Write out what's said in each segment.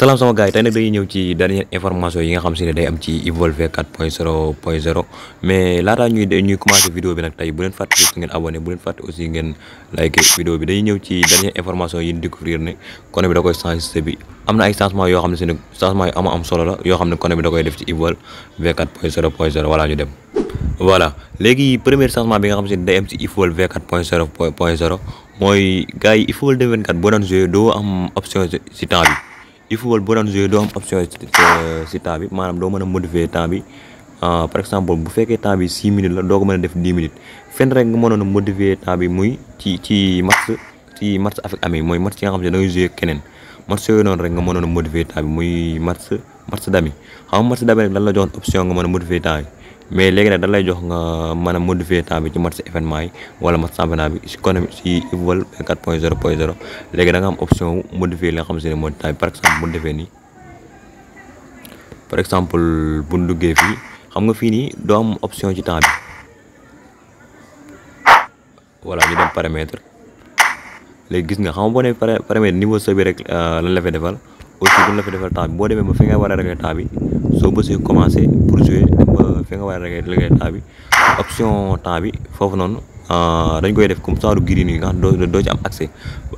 salaam sama gars yi tey ñëw ci dernière information yi nga xam si ne day am ci Evolve V4 point 0 mais laataa ñuy ñuy commencé bi nag tey bu leen fàtte si ngeen abonné bu leen fàtte aussi ngeen like vidéo bi dañuy ñëw ci dernière information yi ñu ne kone bi da koy changé am na ay changement yoo xam ne si ne changement yu ama am solo yoo xam ne kone bi da def ci Evolve point 0 point 0 nga xam si ne day am ci Evolve V4 point 0 mooy gars yi Evolve v il football boo daan joué doo am option si temps bi maanaam doo mën a modifier temps euh, par exemple bu fekkee temps bi 6 minutes la doo ko mën a def 10 minutes fenn rek nga mënoon a modifier temps bi muy ci ci match ci match avec mooy match yi nga keneen match noonu rek nga mënoon a modifier temps bi muy match match d'ami xam nga match d'ami rek lan la joxoon option nga mën a modifier temps mais léegi nag da lay jox nga man a modifier temps bi ci match événement yi wala match championnat bi si kon si football 4 point 0 point 0 léegi danga am option wu modifier li xam si ne mooy temps bi par exemple bu defee nii par exemple bu duggee fii xam nga fii nii doo am option ci temps bi voilà ñu dem paramètre léegi gis nga xam nga boo nee paramètre niveau sa bi rek euh, lan la fay defal aussi duñ la fa defal temps boo demee ba fi nga war a régler temps bi soo bësee commencé pour jouer dem ba fi nga war a réglé temps bi option temps bi foofu noonu euh, dañ koy def comme genre green yi nga xam doo doo ci am accès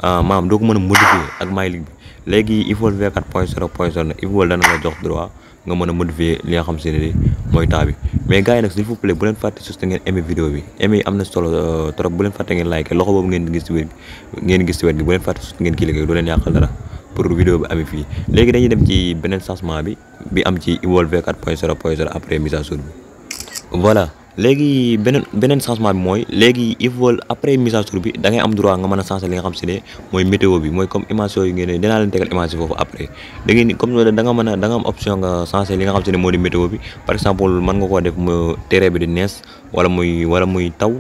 euh, maanaam doo ko mën a modifier ak My League bi léegi Evoke V4 point 0 point 0 nag Evoke dana la jox droit nga mën a modifier li nga xam si ne mooy temps mais gars nag s'il vous plaît bu leen fàtte sus ngeen aimé vidéo bi aimé am na solo euh, trop bu leen fàtte ngeen like loxo boobu ngeen gis ci wér pour vidéo bi amee fii léegi dañuy dem ci beneen changement bi bi am ci Evolve V4 point 0 point 0 après mise à jour bi voilà léegi beneen beneen bi mooy léegi Evolve après mise à bi da ngay am droit nga mën a changer li nga xam si ne mooy météo bi mooy comme image yooyu ngeen ne dinaa leen tegal image foofu après da ngeen comme da nga mën a da nga am option moo di météo bi par exemple mën nga koo def mu terrain bi di nees wala muy wala muy taw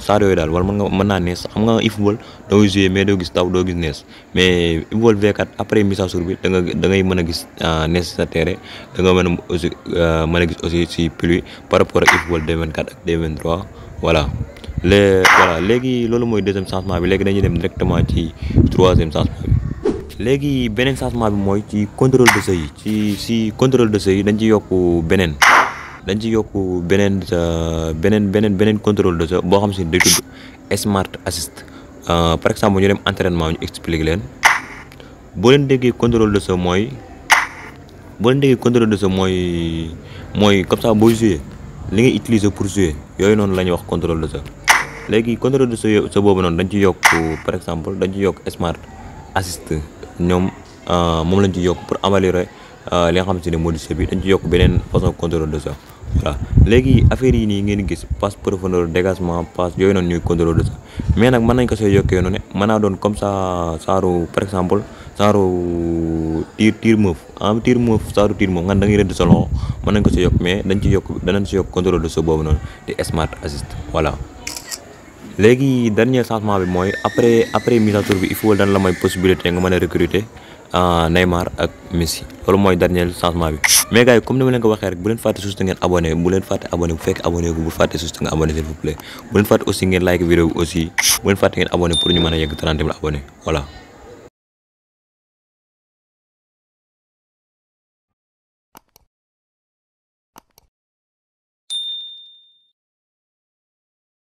saar euh, yooyu daal wala mën mën naa nees xam nga e-football doo mais doo gis taw nees mais e-football après mise à jour bi da nga da ngay mën a gis euh, nees sa terre da nga mën a aussi euh, mën a gis aussi si pluie par rapport ak e-football 2024 ak 2023 voilà lé voilà léegi loolu mooy deuxième changement bi léegi dañuy dem directement ci troisième changement léegi beneen changement bi mooy ci contrôle de jeu yi ci si contrôle de jeu yi dañ ci yokk beneen dañ ci yokk beneen euh, beneen beneen beneen contrôle de jeu boo xam si ne day tudd smart assist euh, par exemple ñu dem ñu explique leen boo leen déggee contrôle de jeu mooy boo leen déggee de jeu mooy mooy comme ça boo jouer li ngay utiliser pour jouer yooyu noonu la ñuy wax contrôle de jeu léegi de jeu sa boobu noonu dañ ci yokk par exemple dañu ci yokk smart assist ñoom euh, moom lañ ci yokk pour améliorer li nga xamante ne moo di bi dañ ci yokk beneen façon contrôle de jeu waaw léegi affaire yi nii ngeen gis passe profondeur dégagement passe yooyu noonu ñuy contrôler sax mais nag mën nañ ko see yokkee noonu ne mën naa doon comme ça saaru par exemple saaru tir tir moof en ah, tir moof saaru tir moof nga da ngay rëdd sa mën nañ ko see yokk mais dañ ci yokk danañ si yokk contrôle de sa boobu noonu te smart assist voilà léegi dernier changement bi mooy après après mise bi il faut dañ la may possibilité nga mën a recruter euh, Neymar ak Messi loolu mooy dernier changement bi mais comme ni ma leen ko waxee rek bu leen fàtte suus ngeen abonné bu leen fàtte abonné bu fekk abonné bu fàtte suus nga abonné s'il vous plaît bu leen fàtte aussi ngeen like vidéo bi aussi bu leen fàtte ngeen abonné pour ñu mën a yegg 30 000 abonné